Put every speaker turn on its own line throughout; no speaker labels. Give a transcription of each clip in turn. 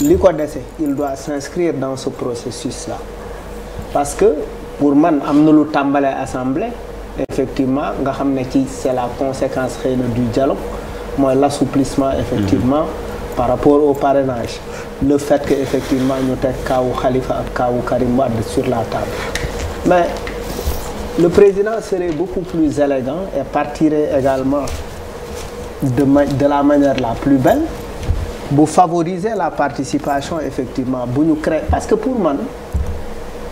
li ko dese il doit s'inscrire dans ce processus la parce que pour man am na lu tàmbalee assemblée effectivement nga xam ne ci c'est la conséquence xëy na du dialogue mooy l'assouplissement effectivement mhm. par rapport au parrainage le fait que effectivement ñu teg kaawu Khalifa ak kaawu Karim Wade sur la table mais le président serait beaucoup plus élégant et partirait également de ma de la manière la plus belle bu favoriser la participation effectivement bu ñu créer parce que pour man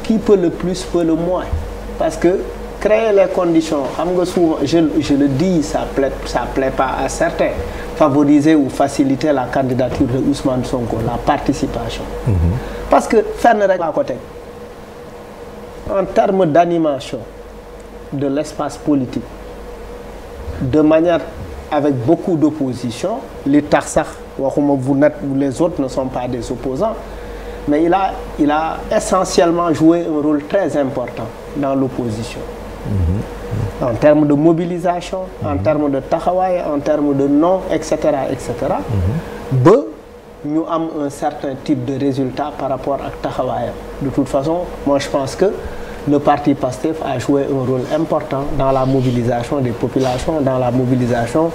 qui peut le plus peut le moins parce que créer les conditions xam nga souvent je je le dis ça plaît ça plaît pas à certains favoriser ou faciliter la candidature de Ousmane Sonko la participation mhm. parce que fenn rek laa ko teg en termes d'animation de l'espace politique de manière avec beaucoup d'opposition li tax sax waxuma vous n'êtes les autres ne sont pas des opposants mais il a il a essentiellement joué un rôle très important dans l'opposition mmh. en termes de mobilisation en mm-hmm. termes de taxawaay en termes de non et cetera et cetera mm-hmm. ba ñu am un certain type de résultat par rapport ak taxawaayam de toute façon je pense que le parti PASTEF a joué un rôle important dans la mobilisation des populations, dans la mobilisation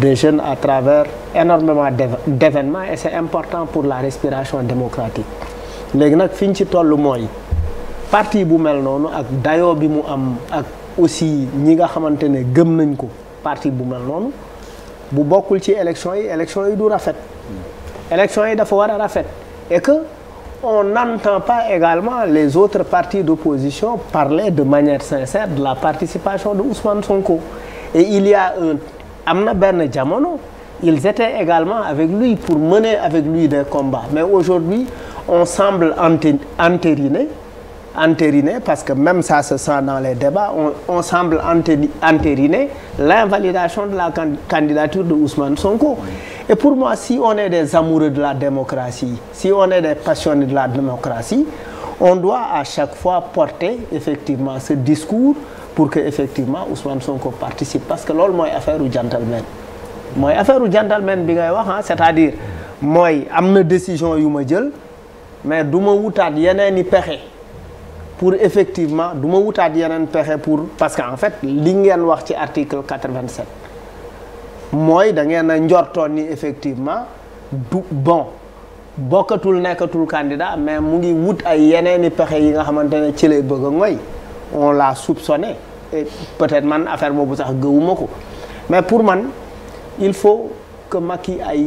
des jeunes à travers énormément dévénement et c'est important pour la respiration démocratique. léegi nag fi ñu ci toll mooy parti bu mel noonu ak dayo bi mu am ak aussi ñi nga xamante ne gëm nañ ko parti bu mel noonu bu bokkul ci élection yi élection yi du rafet élection yi dafa war a rafet on n'entend pas également les autres partis d'opposition parler de manière sincère de la participation de Ousmane Sonko et il y a un am na benn jamono ils étaient également avec lui pour mener avec lui des combats mais aujourd'hui on semble anté entériner entériner parce que même ça se sent dans les débats on, on semble entériner l'invalidation de la can candidature de Ousmane Sonko Et pour moi, si on est des amoureux de la démocratie, si on est des passionnés de la démocratie, on doit à chaque fois porter effectivement ce discours pour que effectivement Ousmane Sonko participe parce que loolu mooy affairu u gentleman mooy affaire u gentleman bi ngay wax ah c'est-à-dire mooy am na décision yu ma jël mais du ma wutaat yeneen i pexe pour effectivement du ma wutaat yeneen pexe pour parce que en fait li ngeen wax ci article vingt 87 mooy da ngeen a njortoon ni effectivement du bon bokkatul nekkatul candidat mais mu ngi wut ay yeneeni pexe yi nga xamante ne ci lay bëgg a ngoy on l'a soupçonné et peut-être man affaire bu sax gëwuma ko mais pour man il faut que yi ay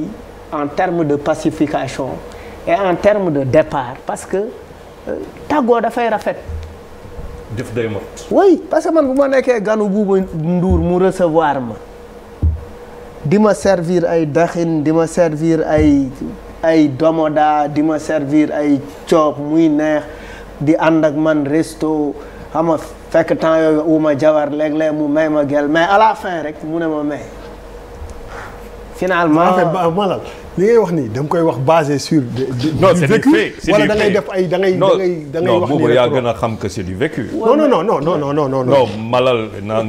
en termes de pacification et en termes de départ parce que euh, tàggoo dafay rafet. jëf day ma oui parce que man bu ma nekkee ganu buuba nduur mu recevoir ma. di ma servir ay daxin di ma servir ay ay domoda di ma servir ay coob muy neex di ànd ak man resto xam nga fekk temps yooyu uma jabar léeg-léeg mu may ma gel mais à la fin rek mu ne ma may finalement en fait maanaam li ngay wax nii da nga koy wax basé sur. non c'est du fait c'est du fait wala da ngay def ay da ngay da ngay da ngay wax. boobu yaa gën a xam que c'est du vécu. non non non non non non non. non Malal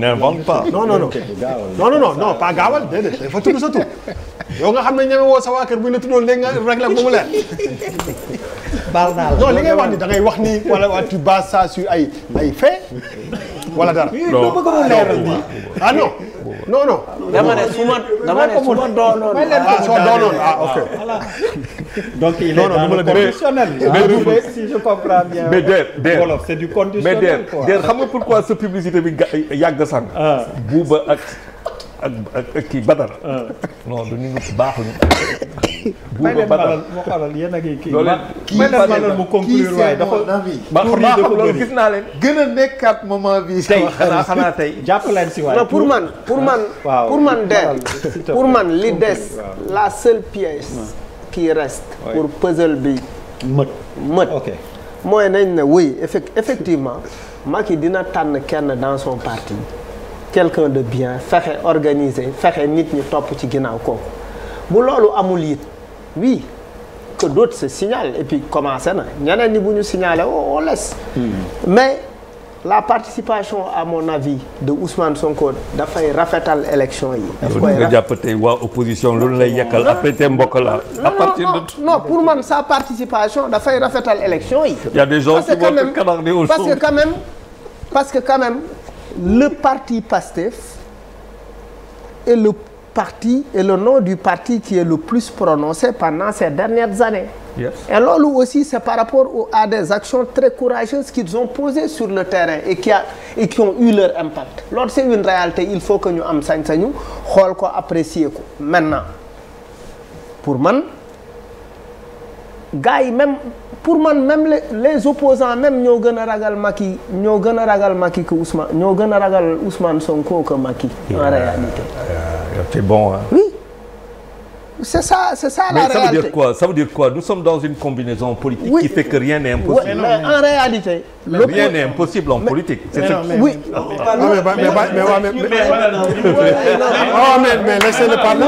n'invente pas. non non non non non non pas gaawal déedéet dafa tudd sa tur yow nga xam ne ñeme woo sa waa kër bu ñu la tuddoon léegi nga rek la ba mu leer. baal naa la non li ngay wax nii da ngay wax nii wala wala tu bases ça sur ay ay faits wala dara. non non ah non. non non. dama ne su ma dama ne su ma doonoon. ah soo doonoon ah ok. donc il est dans le conditionnel. Ah, mais si je comprends bien. mais der der wolof c'est du conditionnel quoi. mais der der xam nga pourquoi sa publicité bi ga yàgg sànq. Ah. Bouba ak. ak ak kii Badara. Ah. non du nit ñi baaxuñu. buuba Badara moo xalal yéen a ngi kii. loolee kii mu conclure waaye dafa loolu gis naa leen. gën a nekkaat moment bi tey xanaa xanaa tey. jàpp leen si waay pour man pour man. Ah, pour man de pour man li des. la seule pièce. Ah. qui reste. pour puzzle bi. mët mët. mooy nañ ne oui effectivement Macky dina tànn kenn dans son parti. quelqu'un de bien fexe organiser fexe nit ñi topp ci ginnaaw ko bu loolu amul it oui que d'autres se signalent et puis commencé na ñeneen ñi bu ñu signalé on laisse hmm. mais la participation à mon avis de Ousmane Sonko dafay rafetal élection yi. daf koy nga loolu lay yekkal après tey mbokk man sa participation dafay rafetal élection yi. y a des gens parce que quand parce que quand le parti PASTEF est le parti est le nom du parti qui est le plus prononcé pendant ces dernières années. Yes. Et loolu aussi c'est par rapport au, à des actions très courageuses qu'ils ont posées sur le terrain et qui a et qui ont eu leur impact. Loolu c'est une réalité, il faut que ñu am sañ-sañu xool ko apprécier ko. Maintenant pour man gars yi même pour man même les opposants même ñoo gën a ragal Macky ñoo gën a ragal maki que Ousmane ñoo gën a ragal Ousmane Sonko que Macky en réalité c'est bon hein oui c'est ça c'est ça la réalité mais ça veut dire quoi nous sommes dans une combinaison politique qui fait que rien n'est impossible en réalité rien en politique c'est ça oui mais laissez-le parler